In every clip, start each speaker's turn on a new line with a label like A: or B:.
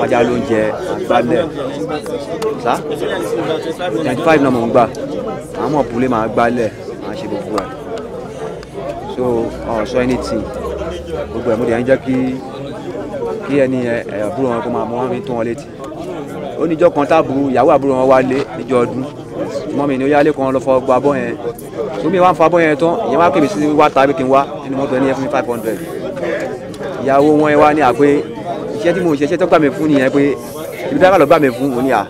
A: fàjà lóúnjẹ àgbàlẹ̀
B: sá twenty five náà mò ń gbà àwọn
A: mọ̀ pùlé máa gbálẹ̀ máa ṣe gbogbo ẹ̀ so ọ̀sọ́ anything gbogbo ẹ̀ mo dẹ̀ ń jẹ́ kí kí ẹni àbúrò wọn kó máa mọ wọn fi tó wọn létí ó níjọ́ kan táàbùrú ìyàwó àbúrò wọn wálé níjọ́ ọdún mọ́mì ni ó yálé kan lọ fọ gba abọ́ yẹn tómi wá ń fọ abọ́ yẹn tán ìyẹn wá pè mí sí wá tàbí kí n wá nínú mọ́tò ẹni yẹn fún mi five hundred ìyàwó wọn yẹn wá ní àpé iṣẹ́ tí mo ṣe iṣẹ́ tó gbà mí fún nìyẹn pé ibi dára lọ gbà mí fún òní à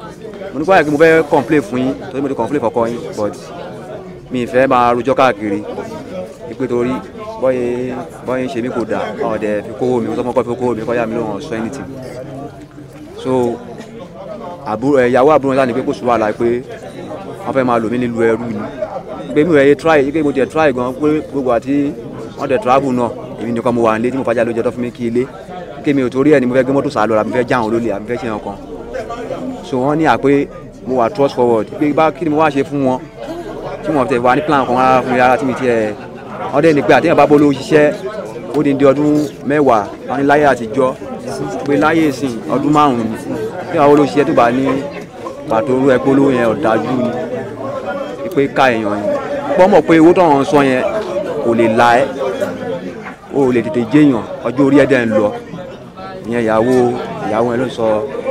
A: mo ní kó àyè kí mo fẹ́ complain fún yín torí mo ti complain fọkọ yín but mi ì fẹ́ máa rojọ́ káàkiri ìpè torí bọ́yé bọ́yé ṣe mí kò dà ọ̀dẹ̀ fi kówó mi mo sọ fún ọkọ fi kówó mi kọ́ yá mi lóhùn ọ̀ṣọ́ anything so àbúrò eh, ìyàwó àbúrò ńlá ni pé kò sùn wàhálà pé wọ́n fẹ́ máa lò mí nílùú ẹrú ni pé mi ò yẹ try pé mo tẹ̀ try gan pé gbogbo àti wọ́n tẹ̀ travel náà èmi nìkan mo wà nílé tí mo fàjà lójọ́ tó fún mi kí ilé kémi ò torí ẹ̀ ni mo fẹ́ gbé mọ́tò sálọ la mo fẹ́ já àwọn olólè àbí fẹ́ ṣe ọkàn so wọ́n ní àpé mo wà trust forward pé bá kí ni mo wá ṣe fún wọn tí wọn tẹ wá ní plan kan rárá fún mi rárá tí mi tiẹ̀ wọ́n dẹ̀ ní pé àtẹ̀yìn bábọ́ ló ṣiṣẹ́ ó di di ọdún mẹ́wàá wọn ní láyé àtijọ́ pé láyé ìsìn ọdún márùn-ún tí wọn ló ṣiṣẹ́ tó bá ní pàtó orú ẹgbẹ́ olówó yẹn ọ̀dájú ni pé ká èèyàn yìí pọ́ mọ̀ pé owó tọ̀hún sọ yẹn kò lè la ẹ́ o lè tètè jẹ́yàn ọjọ́ orí ẹ̀ dẹ̀ ń lọ ìyẹn ìyàwó ìyàwó yẹn ló ń sọ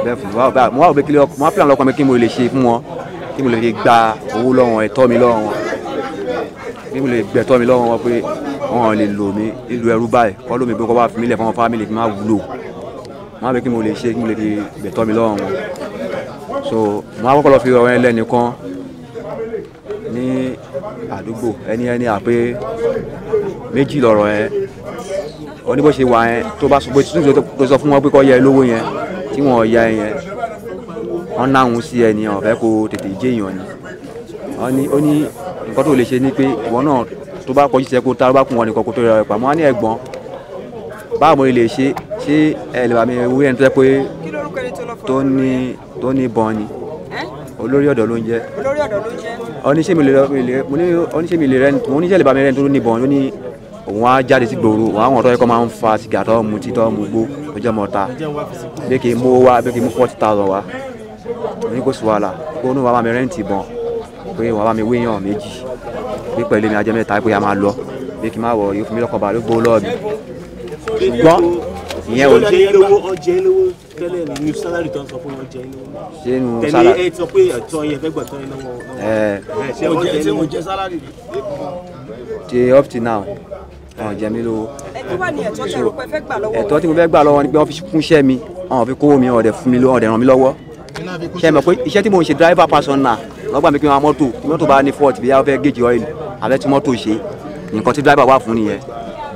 A: bẹ́ẹ̀ fún mi mo wá òbí kílẹ̀ mo wá pílànà ọkàn mi kí mo lè ṣe fún wọn kí mo lè fi gba owó lọ́wọ́ wọn ẹ̀tọ́ mi lọ́wọ́ wọn kí mo lè gbẹ̀tọ́ mi lọ́wọ́ wọn pé wọn lè lò mí ìlú ẹrú báyìí kọ́ lómi pé kọ́ bá fi mí lẹ̀ fún wọn fámìlì fi má wúlò mo wá pé kí mo lè ṣe kí mo lè fi gbẹ̀tọ́ mi lọ́wọ́ wọn so mo wá kọ́kọ́ lọ fi ọ̀rọ̀ yẹn lẹ́nìkan ní àdúgbò ẹni ẹni àpé méjì lọ̀rọ̀ yẹn oníbó ṣe wà yẹn tó bá sọ pé tuntun tó sọ fún wọn pé kọ́ yẹ lówó yẹn tí wọn yá ẹ yẹn wọn náhùn sí ẹ ní ọ̀fẹ́ kó tètè jẹ́ èèyàn ni ó ní nǹkan tó lè ṣe ni pé ìwọ náà tó bá kọjú sí ẹ kó tá ló bá kún wọn nìkan kó tó rẹ pàmò wọn ní ẹ̀gbọ́n báwo mo lè ṣe ṣé ẹ lè bá mi wí ẹni tó yẹ pé tó ní tó ní bọ́n ni olórí ọ̀dọ́ ló ń jẹ́ oníṣẹ́ mi lè rẹ́ mo ní bọ́n ló wọ́n á jáde sí gbòòrò wọ́n àwọn ọ̀dọ́ yẹn kọ́ máa ń fa sìgá tó mu tí tó mu gbó tó jẹ́ mọ́ta bẹ́ẹ̀ kì í mú wá bẹ́ẹ̀ kì í mú forty thousand wá ní kò sí wàhálà kó ní wàá bá mi rẹ́ǹtì bọ̀n pé wàá bá mi wéyàn méjì pé pẹ̀lú mi ajẹ́ mẹ́ta pé a máa lọ bẹ́ẹ̀ kì í má wọ̀ yóò fún mi lọ́kàn balẹ̀ gbó lọ́ọ̀bì
B: ṣùgbọ́n ìyẹn ò ṣe
A: tẹ́lẹ̀ ní sálárì tó ń sọ fún wọn jẹ inú wọn. ṣé nu sálárì tẹ̀lé ẹ sọ pé ẹ̀tọ́ yẹn fẹ́ gbọ̀tọ́ iná wọn. ẹ ṣé mo wọn jẹ mí lówó. ẹtí wà ní ẹ̀tọ́ tẹrù pé fẹ́ gbà lọ́wọ́ rẹ. ẹ̀tọ́ tí mo fẹ́ gbà lọ́wọ́ ni pé wọ́n fi kún iṣẹ́ mi wọ́n fi kówó mi wọ́n dẹ̀ fún mi lówó wọ́n dẹ̀ ràn mí lọ́wọ́. ṣe mọ̀ pé iṣẹ́ tí mo ń ṣe driver personal lọ́gbà mi pé wọn mọ́tò tí mọ́tò bá ní fault bí wọ́n fẹ́ gèjì ọ́ìlì àbẹ́ tí mọ́tò ṣe nǹkan tí driver wà fún nìyẹn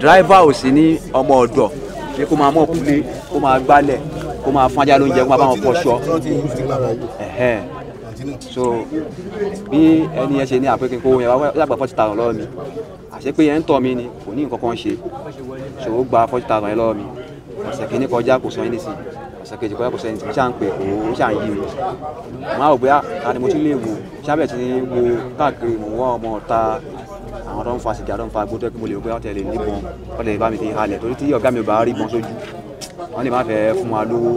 A: driver ò sí ní ọmọ ọ̀dọ̀ pé kó máa mọ̀ kúlé kó máa gbálẹ̀ kó máa fún ajá lóúnjẹ kó máa bá wọn fọṣọ so bí ẹni yẹn ṣe ní àpékin kó yẹn wá yàgbà forty thousand lọ́wọ́ mi àṣẹ pé yẹn ń tọ̀ mí ni kò ní nǹkan kan ṣe so ó gba forty thousand yẹn lọ́wọ́ mi ọ̀sẹ̀ kìíní kọjá kò sọ yín nísìnyí ọ̀sẹ̀ kejì kọjá kò sọ yín nísìnyí ṣáà ń pè kó ó ṣáà ń yí mi màá rò bóyá ta ni mo ti lè wò ṣábẹ̀ ti wo káàkiri mò ń wá ọmọ ọ̀ta àwọn tó ń fa sìgá tó ń fa gbódò kí mo lè wò bóyá ọ̀tẹ̀ lè níbọn ọ̀tẹ̀ lè bá mi ti halẹ̀ torí tí ọ̀gá mi ò bá rí bọn sójú wọ́n lè má fẹ́ fún wa lówó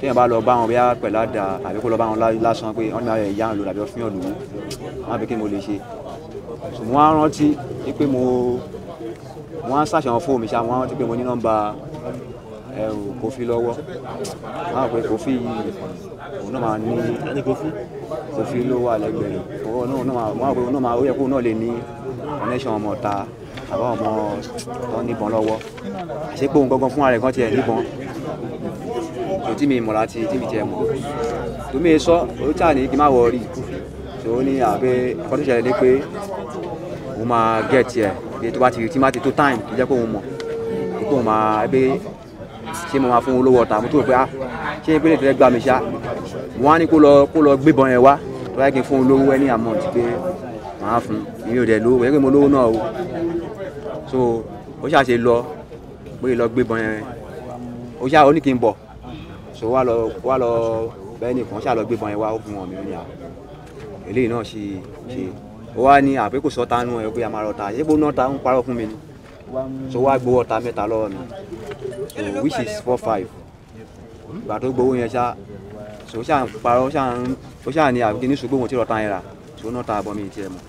A: téèyàn bá lọ bá wọn bí a pẹ̀lú àdá àbí kó lọ bá wọn lásán pé wọ́n ní àwọn ẹ̀yà ń lò àbí ọ̀fin ọ̀lù wọn àbí kí mo lè ṣe ṣùgbọ́n wọ́n á rántí pé mo wọ́n á ṣàṣàwọn fóònù mi ṣá wọ́n á rántí pé mo ní nọ́mbà ẹrù eh, Kofi lọ́wọ́ wọ́n á pè Kofi yìí òun náà máa ní Kofi ló wà lẹ́gbẹ̀ẹ́ rẹ̀ òun náà máa ó yẹ kó òun náà lè ní connection ọmọ ọ̀ta àbá ọmọ tó níbọn lọ́wọ́ àṣepọ̀ òun gangan fúnra kan tiẹ̀ níbọn tó tí mi mọ̀ láti tí mi tiẹ̀ mọ̀ tó sọ ó tà ní kí n má wọ rí tó ní àbẹ kọ́tù ṣẹlẹ̀ pé òun máa gẹ̀ tiẹ̀ bí tó bá ti tí má ti tó time tó jẹ́ pé òun mọ̀ pé òun máa ẹgbẹ́ ṣé mo máa fún olówó ọ̀tà mo tó pé ah
B: ṣé ẹgbẹ́ lè tẹ́lẹ̀ gbà mí ṣá wọn
A: á ní kó lọ gbébọn yẹn wá tó bá kí n fún olówó ẹni àmọ́ ti pé màá fún mi ò dẹ̀ lówó ẹgbẹ́ mo lówó náà o so ó ṣàṣe lọ pé lọ gbébọn yẹn ó ṣá ó ní kí n bọ̀ so wá lọ wá lọ bẹ́ẹ̀ nìkan ṣá lọ gbébọn yẹn wá ó fi hàn mí ní à eléyìí náà ṣe ṣe ó wá ní àpé kò sọ́ta nù ẹ̀ pé a máa rọta ṣé kó náà ta ń parọ́ fún mi ni so wá gbowó ọta mẹ́ta lọ́wọ́ mi so which is four five ìgbà tó gbowó yẹn ṣá so ṣà ń parọ́ ṣà ń ó ṣà ní àbíkí ní ṣùgbọ́n òun ti rọta yẹn rà so náà ta àbọ̀ mi ì tiẹ̀ mọ́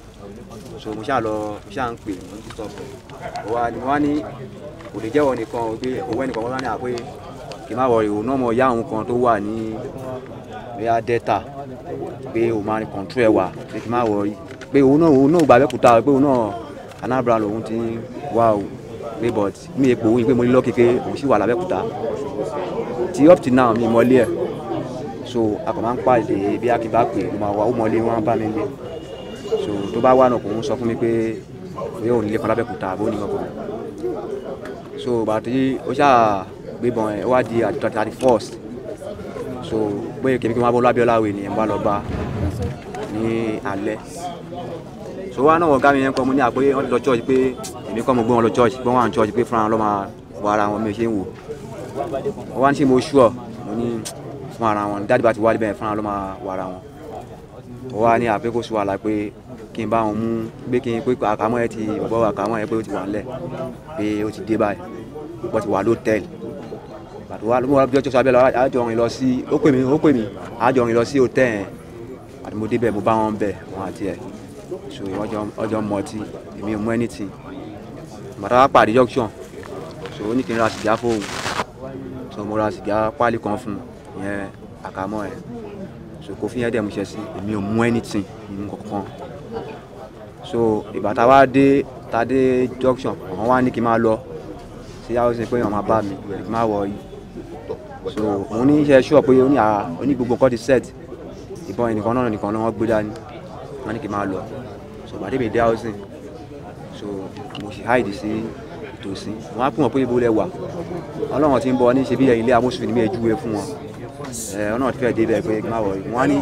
A: so mo ṣáà lọ mo ṣáà ń pè mo ń sọ pé mo wá ni mo wá ní kò lè jẹ́wọ́ nìkan pé owó ẹnìkan wọn wá ní àpé kì í má wọ̀ ìhòòhùn náà mọ̀ ìyá òun kan tó wà ní bóyá dẹ́ta pé òun máa ní kọ̀ǹtú ẹ̀wà pé kì í má wọ̀ rí pé òun náà òun náà gbà Abẹ́òkúta pé òun náà Anambra lòun ti wá o pé but mi èpò òun pé mo ní lọ́kèké òun sì wà l'Abẹ́òkúta ti up to now mi mọ́lé ẹ̀ so a kò máa ń pàdé bí akínbá pè é mo máa wá ó mọ́lé wọn bá mi lé so tó bá wà náà kò ń sọ fún mi pé bóyá òun nílé kan lábẹ́kúta àbó ní kankan so bàtí ó ṣáà gbébọn ẹ̀ wá di àdìtọ́ thirty first so pé kèmí kí wọ́n bọ́ lábẹ́ ọláwé ni ẹ̀ ń bá lọ bá ní alẹ́ so wá náà ọ̀gá mi yẹn kọ́ mo ní àpé wọ́n ti lọ church pé èmi kọ́ mo gbé wọn lọ church pé wọ́n wà ní church pé fúnra wọn lọ́ máa wọ ara wọn mi ṣe ń wò wọ́n wá ní ṣe mo ṣú ọ̀ mo ní fún ara wọn dájú bá ti wá níbẹ̀ fúnra wọn lọ́ máa wọ ara wọn ó wá ní àpé kò sí wàhálà pé kí n bá wọn mú pé kí n pé àkámọ́ ẹ ti bàbá wa àkámọ́ ẹ pé ó ti wà ńlẹ̀ pé ó ti dé báyìí bó ti wà lótẹ́ẹ̀lì bàtò wa ló mú ọjọ́ tó sọ abẹ́lẹ̀ àjọ rìn lọ sí ó pè mí ó pè mí àjọ rìn lọ sí hòtẹ́ẹ̀ yẹn àti mo débẹ̀ mo bá wọn bẹ̀ wọn àti ẹ̀ so ọjọ́ mọtí èmi ò mú ẹnìtì bàtà wa pàdé junction so ó ní kí n ra sìgá fóun so mo ra sìgá pálí kan fún un ìyẹn àkámọ́ ẹ̀ so Kofi yẹn dẹ̀ mo ṣe sí èmi ò mú anything mímú kankan so ìgbà tá a wá dé tá a dé junction àwọn wá ní kí n máa lọ sí yàrá òsè pé àwọn máa bá mi kí n máa wọ yìí so òun ní iṣẹ́ ṣọ́ pé ó ní gbogbo nǹkan ti set ìbọn ẹnìkan náà nìkan náà wọ́n gbé dání wọ́n ní kí n máa lọ so ìgbà débi dé housing so mo ṣe hide sí ìtòsí wọ́n á pè wọ́n pé ibo lẹ wà ọlọ́run ti ń bọ ní ṣe bí ilé amóṣùfì ní mi ẹ̀ júwe fún wọn. Eh, ẹ ọ náà ti fẹ́ débẹ̀ pé má wọ̀ wọ́n ní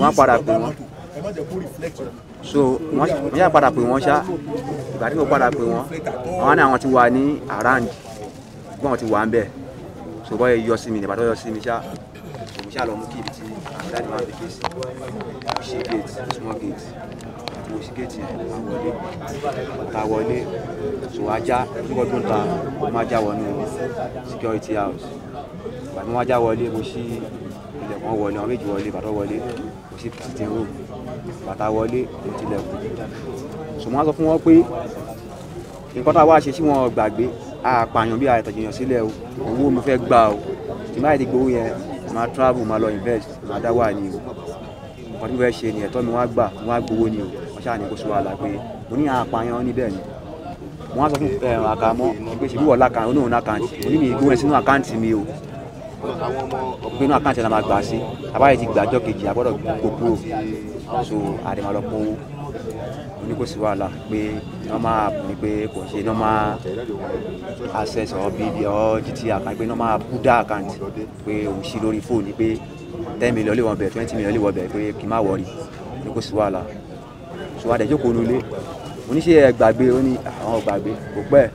A: wọ́n padà pè wọ́n so wọ́n yà padà pè wọ́n ṣá ìgbà tí mo padà pè wọ́n àwọn ní àwọn ti wà ní around gbọ́n àwọn ti wà ń bẹ̀ so bọ́ yọ sí mi nígbà tó yọ sí mi ṣá mo ṣá lọ mú kí ibi tí àdáni máa fi fèsì ṣe gate small gate mo ṣe gate yẹn àwọlé àtàwọlé so ajá nígbà tó ń ta ó máa já wọnú security house bàtí wọ́n já wọlé mo ṣí ilẹ̀kùn wọlé àwọn méjì wọlé bàtọ́ wọlé mo ṣí títí rò bàtà wọlé mo tilẹ̀kùn sọmọ sọ fún wọn pé nǹkan tá a wá ṣe tí wọn gbàgbé àpààyàn bí àìtọ̀jìyàn sílẹ̀ o owó mi fẹ́ gbà o tí máa ti gbowó yẹn máa travel máa lọ invest máa dá wà ní o nǹkan tí mo fẹ́ ṣe ni ẹ̀tọ́ mi wá gbà mo wá gbowó ni o wọ́n ṣáà ní kó sọ wàhálà pé mo ní àpààyàn níbẹ̀ ni wọ́n á sọ fún eh, àkàmọ́ pé ṣèbí wọ̀ lákàntì oníhùn lákàntì onímì ìgbóhùn ẹ̀ sínú àkáǹtì mi o pinnu àkáǹtì náà máa gbà sí abáyé ti gbàjọ kejì agbọ́dọ̀ kó kúrò so àdèmàlọ pọ́wó oníkòsí wàhálà pé normal app ni pé kò ṣe normal access or bb or gt account pé normal buda account pé òun ṣí lórí fóònù ni pé ten million lè wọ bẹ̀ twenty million lè wọ bẹ̀ pé kì í má wọrí oníkòsí wàhálà so àdèjókòó nulẹ̀ oníṣẹ́ ẹ̀ gbàgbé ó ní ah, àwọn gbàgbé kò pẹ́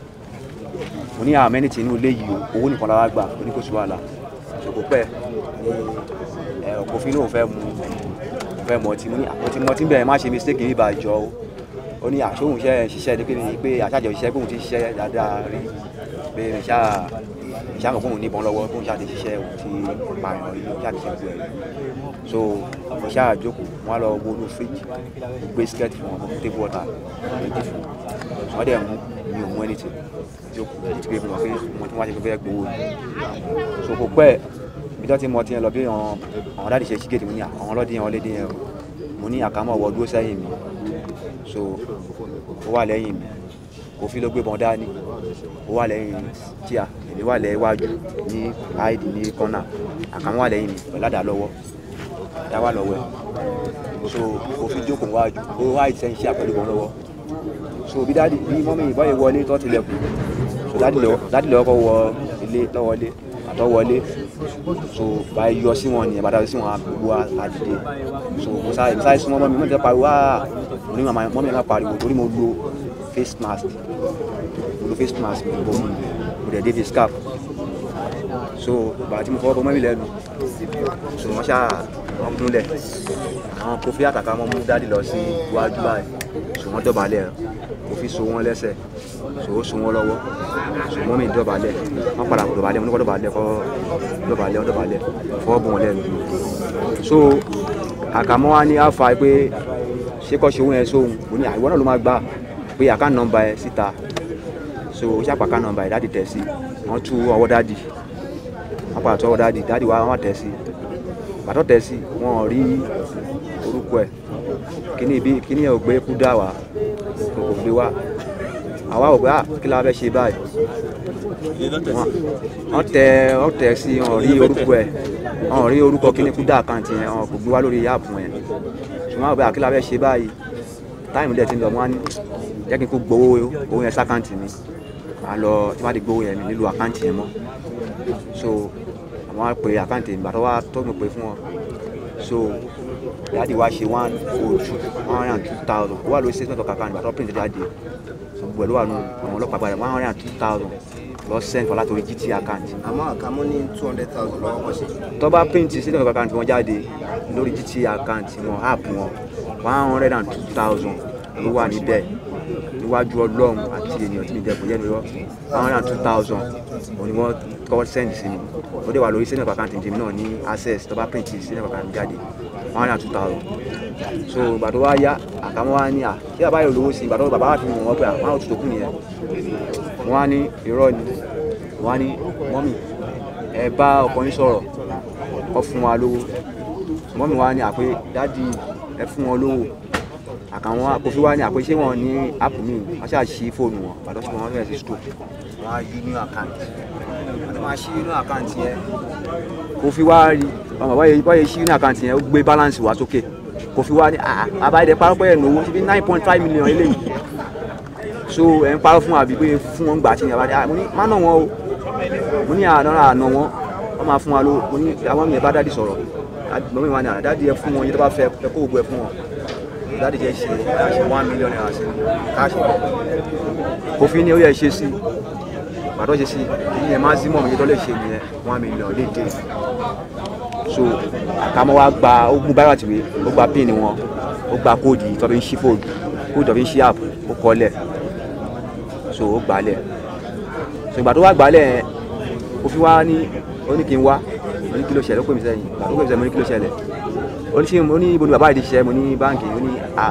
A: mo ní àmẹ́ni tì inú ilé yìí owó nìkan lára gbà oníkòsí wàhálà ṣòkòpẹ́ ni kò fi ní òun fẹ́ mu òun fẹ́ mọ ọtí ní àpótí mọtí bẹ̀rẹ̀ má ṣe mistake yìí bá jọ o ó ní àṣóhun iṣẹ́ ṣiṣẹ́ ní pé pé àṣàjọ iṣẹ́ kóhun ti ṣiṣẹ́ dáadáa rí pé ìṣá ìṣá kan kóhun níbọn lọ́wọ́ kóhun ṣáà ti ṣiṣẹ́ òun ti pààyàn yìí òun ṣáà ti ṣẹ́gun ẹ̀ so mo ṣáà jókòó wọn á lọ wọnú fíríjì gbé skẹ́ẹ̀tì fún wọn tébù ọ̀tà méjì fún wọn dẹ̀ mú ní tiẹ̀ tí ó ti pé mọ̀ pé mo a wá ṣe fẹ́ gbowó so kò pẹ́ ibi tó ti mọ tiẹ̀ lọ bí àwọn dáàdì ṣe ṣí gèdè mo ní àwọn ọlọ́dún yẹn ọlẹ́dún yẹn o mo ní àkámọ́ ọwọ́ dúró sẹ́yìn mi so ó wà lẹ́yìn mi òfin ló gbébọn dání ó wà lẹ́yìn tíà èmi wà lẹ́yìn iwájú ní id ní kọ́nà àkàmú wà lẹ́yìn mi pẹ̀lú àdá lọ́wọ́ àdá wà lọ́wọ́ ẹ̀ so òfin jókòó wájú ó wá ìsẹ́yìn sí àpẹ̀lú kan lọ́wọ́ so bí dáàdì bí mọ́mí ìbọn yìí wọlé tó ti lẹ̀kùn so dáàdì lọ́wọ́ wọ ilé lọ́wọ́lé àtọ́wọlé so báyìí yọ sí wọn nìyẹn bàtà sí wọn àgbègbè àdìde so mo sáré mo sáré súnmọ́ mọ́mí mo ti pariwo áà mo ní màmá mọ́mí náà pariwo torí mo lo face mask mo lo face mask mi bò mo dẹ̀ dé fi scarf so bàtà tí mo fọwọ́ bọ mọ́mí lẹ́nu ṣùgbọ́n ṣáà wọ́n kúnlẹ̀ àwọn Kofi àtàkà wọn mú dáàdì lọ sí iwájú báyìí ṣùgbọ́n dọ̀bálẹ̀ Kofi so wọ́n lẹ́sẹ̀ ṣòwò so wọ́n lọ́wọ́ ṣùgbọ́n mi dọ̀bálẹ̀ wọ́n padà dọ̀bálẹ̀ wọn dọ̀bálẹ̀ kọ́ dọ̀bálẹ̀ dọ̀bálẹ̀ fọwọ́ bọ̀ wọn lẹ́nu so àkàmọ́ wa ní àfa pé ṣé kọ́ ṣe wọ́n sóhun òní àìwọ́n náà ló máa gbà pé àká nọ́mbà ẹ síta so ṣàpàká nọ́mbà ẹ dáàdì tẹ̀ sí wọ́n tú ọwọ́ dáàdì padà sọ́wọ́ dáàdì dáàdì wa wọ́n tẹ̀ sí bàtọ́ tẹ̀ sí wọn ò rí orúkọ ẹ̀ kíní ibi kíní ẹ̀ ò gbé kú dá wa kò gbé wa àwa ò gbé à kí la fẹ́ ṣe báyìí wọ́n tẹ wọ́n tẹ̀ sí wọn ò rí orúkọ ẹ̀ wọn ò rí orúkọ kíní kú dá àkáǹtì yẹn wọn kò gbé wa lórí yáàpù yẹn ṣùgbọ́n àgbẹ̀ à ah, kí la fẹ́ ṣe báyìí táìmù dẹ̀ ti lọ mọ́ ní jẹ́ kí n kó gbowó owó yẹn sákàǹtì mi màá tí wọ́n á gbowó yẹn mi nílùú àkáǹtì yẹn mọ́ so wọ́n á pe àkáǹtì ìgbà tó wá tó mi pè fún wọn so dáàdi wa ṣe one four two one hundred and two thousand ó wà lórí statement of account ìgbà tó print jáde gbogbo ẹ̀ ló wà nù àwọn ọlọ́pàá padà one hundred and two thousand lọ send fọlá torí GT account. àmọ́ àkàmú ní two hundred thousand lọ́wọ́ kọ́ sí. tó bá print statement of account wọn jáde lórí GT account wọn app wọn one hundred and two thousand ló wà níbẹ̀ níwájú ọlọ́run àti ènìyàn tí mi jẹ kò yẹ mi rọ one hundred and two thousand òun ni wọ́n kọ́ send sí mi ó dé wà lórí senior account tèmi náà ní access tó bá print senior account jáde one hundred and two thousand so ìgbà tó wá yá àkàmọ́ wá ní à kí bàbá yóò lówó sí ìgbà tó bàbá wà fi wọ́n pé àwọn àwọn òtútù kù nìyẹn wọ́n á ní irọ́ ni wọ́n á ní mọ́mì ẹ bá ọkùnrin sọ̀rọ̀ kó fún wa lówó mọ́mì wá ní àpé dáàdi ẹ fún wọn lówó àkàwọn akófin wa ni àpèsè wọn ní áàpù mi wọn ṣáà ṣí fóònù wọn bàtọ́ ṣùgbọ́n wọn fẹ́ẹ́ ṣe stroke wọn á yí ní àkáǹtì wọn ti máa ṣí inú àkáǹtì yẹn kò fi wá rí báyìí báyìí ṣí inú àkáǹtì yẹn ó gbé balance wa sókè kò fi wá ní ah, ah, àbáyé parọ́pọ̀ ẹ̀ lówó ṣe bí nine point five million eléyìí so ẹ̀ ń parọ́ fún wa bíi pé fún wọn gbà tí ní àbájá ah, mo ní má nà wọn o mo ní àná àná wọn wọn máa fún wa lówó mo ní àwọn mi bá dádì sọ̀rọ̀ mọ́mí wa ní àná ẹ bá fẹ́ dáàdì jẹ́ ṣe àṣẹ one million naira sí káàṣì òfin ni ó yẹ ṣe sí màtọ́ ṣe sí ní ẹ̀ maximum yìí tó lè ṣe nìyẹn one million léde so àkàmọ́ wa gba ó mú báyọ̀ àtìwé ó gba pin wọn ó gba kóòdù tó fi ń ṣí fóònù kóòdù tó fi ń ṣí app ó kọ́lẹ̀ so ó gbalẹ̀ so ìgbà tó wá gbalẹ̀ òfin wa ní oníkin wá oníkìlóṣẹ̀lẹ̀ ó pè mí sẹ́yìn ìgbà tó pè mí sẹ́yìn oníkìlóṣẹ̀lẹ̀ oníṣẹ́ mo ní ibo ni bàbá yìí ti ṣiṣẹ́ mo ní báǹkì mo ní à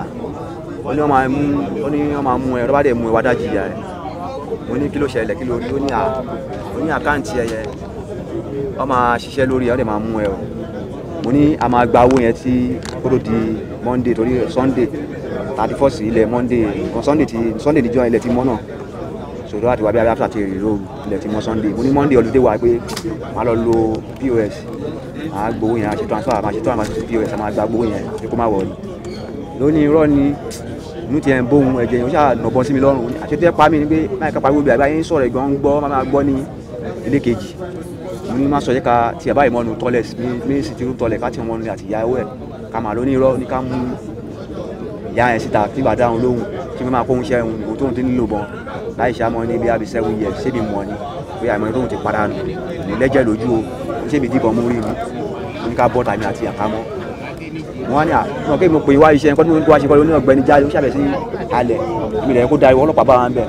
A: ó ní wọ́n máa mú ó ní wọ́n máa mú ẹ rọ́bà dẹ̀ mú ẹ wá dájú ìyá ẹ mo ní kí ló ṣẹlẹ̀ kí ló rí ó ní à ó ní àkáǹtì ẹ yẹ ṣiṣẹ́ lórí ẹ ó dẹ̀ máa mú ẹ o mo ní a máa gba owó yẹn tí ó tó di Monday torí Sunday thirty first ilẹ̀ Monday Sunday ti Sunday níjọ́ ilẹ̀ ti mọ́ náà sòtò àti wà bí abẹ́rẹ́ àti èrò ilẹ̀ tí mọ́ sunday mo ní monday holiday wà pé màá lọ lo pos màá gbowó yẹn àti transfer màá ṣe tó àwọn pos màá gba gbowó yẹn pé kó má wọ̀ ọ́ lónìí irọ́ ni inú tiẹ̀ ń bóhun ẹ̀jẹ̀ yẹn ó ṣáà nọ̀bọ sí mi lọ́rùn àti tẹ́ pa mí ni pé máa kápá gbogbo àgbáyé ń sọ̀rọ̀ ìgbọ́n ń gbọ́ máa gbọ́ ní ilé kejì mo ní má sọ yẹ ká tiẹ̀ báyìí mọ́nu tọ́lẹ̀ mí sì ti rú tọ́lẹ̀ ká tiẹ̀ mọ́nu àti ìyá ẹwẹ́ ká màá lóní irọ́ ní ká mú ìyá yẹn síta kí bàdá òun lóhùn kí láì sàmọ́ ní bí abi seven years ṣé mi mọ̀ ni pé àìmọ́ tóun ti para nù ní lẹ́jẹ̀ lójú o ṣé mi dìbọn mú rí mi mo ní ká bọ́ tàmí àti àkámọ́ wọn ní àwọn kéèmí pé wá iṣẹ́ nǹkan tó wá ṣe kọ́ ló ní ọ̀gbẹ́ni jáde ó ṣàbẹ̀ sí alẹ̀ èmi rẹ̀ kó dariwo ọlọ́pàá bá wa ń bẹ̀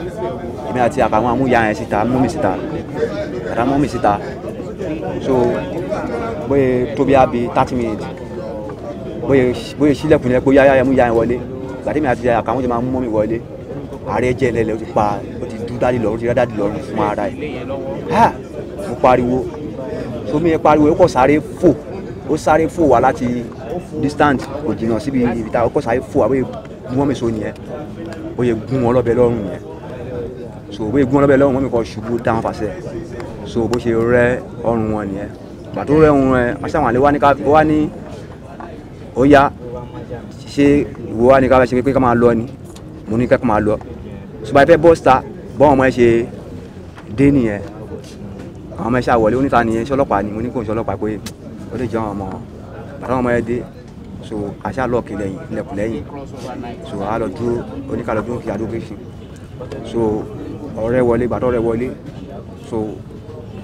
A: èmi àti àkàwọn amúyà yẹn síta mú mi síta àdá mú mi síta so bóyá tóbi abi thirty minutes bóyá sílẹ̀kùn yẹn pé yáyá yẹn mú yá yẹn wọlé gbàdémi àti àkàwọn jẹ́ máa mú mọ́ mi wọlé ààrẹ jẹ́ ẹlẹ́lẹ́ ó ti pa ó ti dún dádì lọ́rùn ó ti rá dádì lọ́rùn fún ara ẹ̀ ha mo pariwo sómi yẹn pariwo ó kọ̀ sáré fò ó sáré fò wá láti distance kò jìnnà síbi ibi tá ó kọ̀ sáré fò àbóyè gún wọn mi so nìyẹn ó yẹ gún wọn lọ́bẹ lọ́rùn yẹn so bóyè gún wọn lọ́bẹ lọ́rùn wọn mi kọ́ ṣubú dáhùn fàṣẹ so bó ṣe rẹ́ ọrùn wọn nìyẹn ìgbà tó rẹ́ ọrùn ẹ̀ aṣáwọn àlè wá ní ó yá ṣé ìwọ wá ní ká máa lọ ni mo ní ká máa lọ ṣùgbọ́n ẹ fẹ́ bọ́ síta bọ́n ọmọ ẹ ṣe dé nìyẹn àwọn ọmọ ẹ ṣàwọlé oníta nìyẹn ṣé ọlọ́pàá ni mo ní kò ń ṣe ọlọ́pàá pé ó lè jẹ́ ọmọ bàtà ọmọ ẹ dé so àṣà lọ́ọ̀kì lẹ́yìn ilẹ̀kùn lẹ́yìn so a lọ dúró oníkàlọ́ dúró kí adókè sí so ọ̀rẹ́ wọlé gbàtọ́ ọ̀rẹ́ wọlé so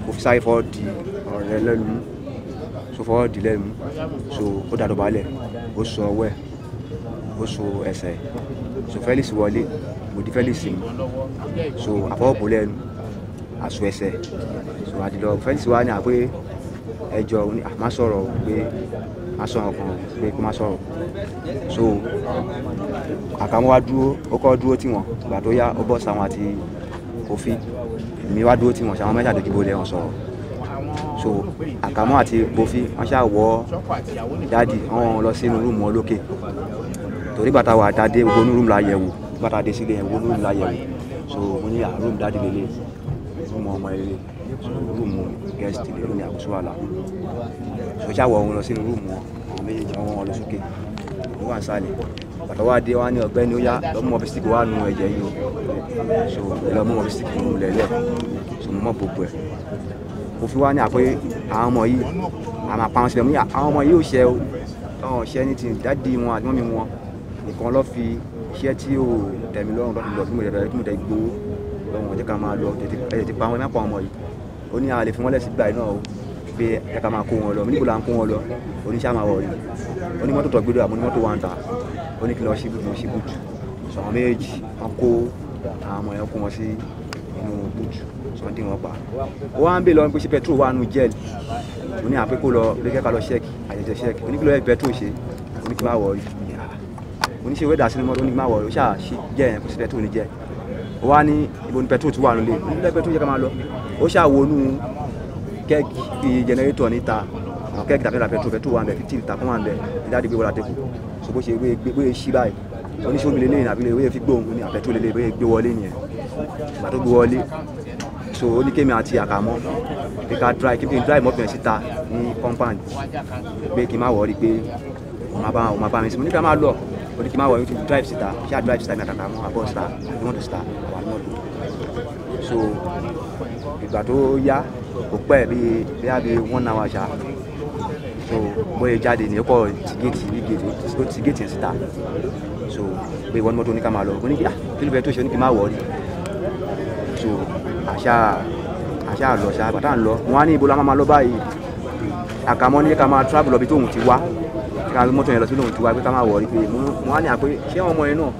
A: kò fi di ọ̀rẹ́ lẹ́nu so di lẹ́nu so ó dàdọ̀ ó sọ ọwọ́ ẹ̀ ó so ẹsẹ̀ so Felix wọlé mo di Felix mu so àfọwọ́bù lẹ́nu àso ẹsẹ̀ so àdìlọ Felix wa ní àpé ẹjọ́ má sọ̀rọ̀ pé má sọ̀rọ̀ kan pé kó má sọ̀rọ̀ so àkàwọn wa dúró ó kọ́ dúró tí wọn ìgbà tó yá ó bọ́ sáwọn àti òfin mi wá dúró tí wọn sáwọn mẹ́ta dojú bolẹ̀ wọn sọ̀rọ̀ so àkàmọ́ àti bofi wọ́n ṣáà wọ́ dáàdì wọ́n lọ sínú rúùmù olókè torí bàtà wà dáadé gbogbo ní rúùmù la yẹ̀ wò bàtà dé sílé yẹn gbogbo la yẹ̀ wò so mo ní rúùmù dáadé lélẹ̀ rúùmù ọmọ lélẹ̀ so rúùmù gẹ́sìtì lè rúùmù àkóso àlà so ṣáwọ̀ ọ̀hún lọ sínú rúùmù àwọn méjèèjì wọn lọ sókè ló wà sálẹ̀ bàtà wà dé wà ní ọ̀gbẹ́ni ó yá lọ́mú ọ̀fíìsìtì wà nù ẹ̀jẹ̀ yìí o
B: so lọ́mú ọ̀fíìsìtì nù lẹ́lẹ̀
A: so mo mọ̀ gbogbo ẹ̀ mo fi wá ní àpé àwọn ọmọ yìí àwọn àpamọ́sílẹ̀ mo ní àwọn ọmọ yìí ò ṣe ọ́ ṣe anything dáàdi wọn àti wọn nìkan lọ́ fi iṣẹ́ tí ó tẹ̀mí lọ́rùn lọ́fi lọ fún mi rẹ̀ fún mi rẹ̀ gbó lọ́wọ́ wọn jẹ́ ká máa lọ ẹ̀jẹ̀ ti pa wọn lápá ọmọ yìí ó ní àlè fún wọn lẹ́sìn gbà iná o pé ẹ ká máa kó wọn lọ mo níbo la ń kó wọn lọ oníṣẹ́ máa wọ̀ rí ó ní mọ́tò tó gbéra mo ní mọ́tò wàǹtà ó ní kí lọ ṣíbùtù ṣíbùtù sọ̀rọ̀ méjì wọn kó àwọn ọmọ yẹn kó wọn sí inú bùtù sọ̀rọ̀ dín wọn pa ó wá ń bè lọ pé ṣe petrol wà nù jẹ́ẹ̀lì mo ní àpékò lọ lókè ká lọ ṣẹ́ẹ̀kì àjẹjẹ ṣẹ́ẹ̀kì oníkìlọ́ ẹ̀ petrol ṣe oníkìlọ́ àwọ̀ rí oníṣẹ́ wẹ́dà sínú mọ́tò onígbà wọ̀ ọ́ ṣáà jẹ́ ẹ̀ kó sí pẹ̀tù ní jẹ́ ó wá ní ibo ní pẹ̀tù tó wà nílé nílẹ̀ pẹ̀tù yẹ ká máa lọ ó ṣáà wo inú kẹ́ẹ̀kì jẹnẹrétọ̀ níta àwọn kẹ́ẹ̀kì tàbí pẹ̀tù pẹ̀tù wà bẹ̀ fìtì tàkùn wà bẹ̀ ìdájọ́ gbé wọlé àtẹkù so bó ṣe gbé ṣí báyìí oníṣẹ́ omi lélẹ́yìn àbí lè fi gbóhùn ní àpẹ̀tù lélẹ́ gbé wọlé nìyẹn ìgbà tó gbé wọlé so ó ní kémi àti àkàmọ́ pé ká drive kí n drive mọ́bìnrin síta ní compound pé kí n má wọrí pé òun máa bá mi sí mo ní ká máa lọ ó ní kí n má wọ drive síta ṣáà drive síta ní àtàkà mọ́ àbọ̀ síta àbí mọ́tò síta àwọn àmọ́tò so ìgbà tó yá kò pẹ́ bíi bíi bíi one hour ṣá so bóyá jáde ní ọkọ̀ tí géètì ní géètì ó ti géètì síta so pé ìwọ ni mọ́tò ní ká máa lọ ó ní kí ah, kí ló fẹ́ tó ṣe ó wọ̀ rí so àṣà àṣà lọ ṣá bàtà ń lọ wọn á ní ibo la máa lọ báyìí àkàmọ́ ní ká máa travel lọ bí tóun ti wá ká mọ́tò yẹn lọ sí lòun ti wá pé ká má wọ̀ rí pé mo wá ní àpé ṣé àwọn ọmọ yẹn náà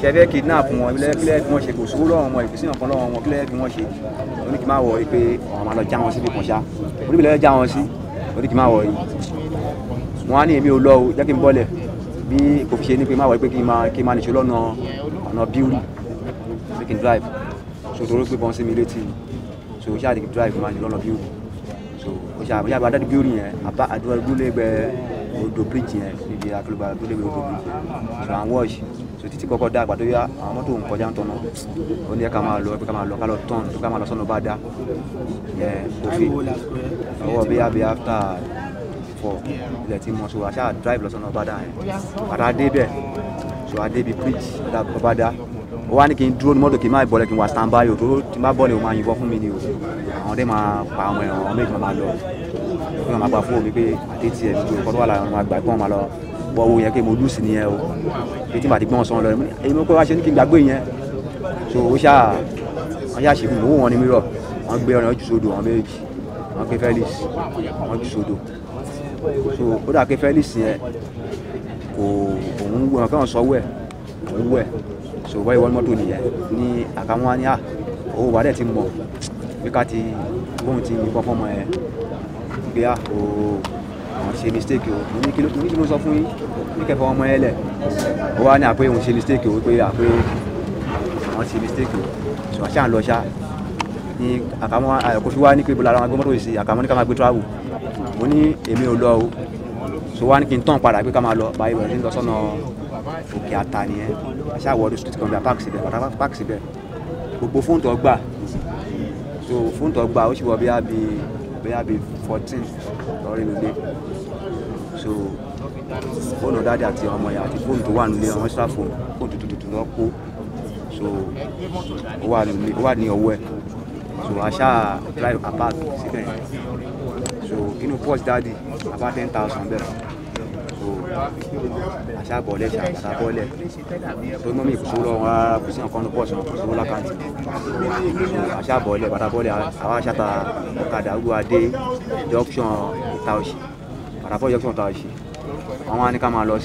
A: ṣe fẹ́ kidnap wọn ilé kílẹ̀ kí wọ́n ṣe kò sówó lọ́wọ́ wọn ìpèsè nǹkan lọ́wọ́ wọn kílẹ̀ kí wọ́n ṣe orí kì máa wọ̀ rí pé àwọn máa lọ já wọn sí kan ṣá orí ìbílẹ̀ já wọn sí orí kì máa wọ̀ rí wọn á ní èmi ò lọ o jẹ́ kí n bọ́lẹ̀ bí kò fi ṣe ní pé máa wọ̀ rí pé kí n máa kí n máa nìṣó lọ́nà ọ̀nà bíúrì pé n drive so torí pé bọ́n sí mi létí so odò bíríjì yẹn níbi akérèbà tó lébi odò bíríjì so à ń wọ́ọ̀ṣì so títí kọ́kọ́ dá àgbà tó yá àwọn mọ́tò ń kọjá ń tọ́nà ó ní ká máa lọ ká máa lọ ká lọ tán ká máa lọ sọ́nà bá dá
B: yẹn òfin ọwọ́ bí yá bí after
A: four ilẹ̀ tí mo so àṣà drive lọ sọ́nà bá dá yẹn bàtà dé bẹ́ẹ̀ so adé bi bíríjì bàtà bá dá ó wá ní kí n dúró ní mọ́tò kí n má bọ́lẹ̀ kí n wá stand by o tó tí n bá bọ́lẹ̀ o máa yìnbọn fún mi ni o àwọn dé máa pa àwọn ẹ̀rọ méjì máa lọ kí wọ́n máa pa fóònù pé àtẹ́tì ẹ̀ gbogbo nǹkan tó wà lára wọn máa gbà pé wọ́n máa lọ bọ́ owó yẹn pé mo lùsì nìyẹn o pé tí màá ti gbọ́n sọ́n lọ èyí mo kọ́ wá ṣe ní kí n gbàgbé yẹn so ó ṣáà wọ́n ṣáà ṣe fún mi owó wọn ní mírọ̀ wọ́n gbé ọ̀nà ojú sódò wọn méjì wọ́n gbé Felix wọ́n ju sódò so ó dà pé Felix yẹn kò òun wọ́n fẹ́ràn sọ́wọ́ ẹ̀ òun wẹ̀ so bọ́ ìwọ́n mọ́tò nìyẹn ní àkàwọn wa ní à ah, owó wa ti mọ̀ pé ká ti bóun ti yìnbọn fọ́mọ yẹn pé ah o àwọn ṣe mistake o mo ní kí ló mo ní kí ló sọ fún yín ní kẹfọ ọmọ ẹ lẹ ó wá ní àpé ah, mistake o pé àpé ah, àwọn ṣe mistake o sọ àṣà ń lọ ṣá ní àkàmọ́ àyọkọ fi wá ní pé bọlá ara wọn gbé mọ́tò yìí sí àkàmọ́ ní ká máa gbé travel mo ní èmi ò lọ o so wá ní kí n tán padà pé ká máa lọ báyìí bẹ̀rẹ̀ sí lọ sọ́nà òkè àtà nìyẹn àṣà wọ́ọ̀dù street kan bí i park síbẹ̀ bàtà park síbẹ̀ gbogbo fóònù tó gbà so fóònù tó gbà ó sì wọ bí i bóyá bíi fourteen lọ́rin nílé so fóònù dáadé àti ọmọ yẹn àti fóònù tó wà nílé ọmọ ṣáà fóònù fóònù tuntun tuntun lọ kó so ó wà ní ọwọ́ ẹ̀ so aṣá drive apart síbẹ̀ so inú pọ́s dáadé apart ten thousand there àṣà bọ̀lẹ̀ ṣe àgbàdá bọ́lẹ̀ tó mọ́ mi kùsùn lọ wọn ara kùsùn ọkàn ló pọ̀ sàn kùsùn wọn lákàntì àṣà bọ̀lẹ̀ bàdá bọ́lẹ̀ àwọn àṣàtà ọ̀kadà ugbadé junction ìta òsì bàdá bọ́lẹ̀ junction ìta òsì àwọn wa ní ká máa lọ sí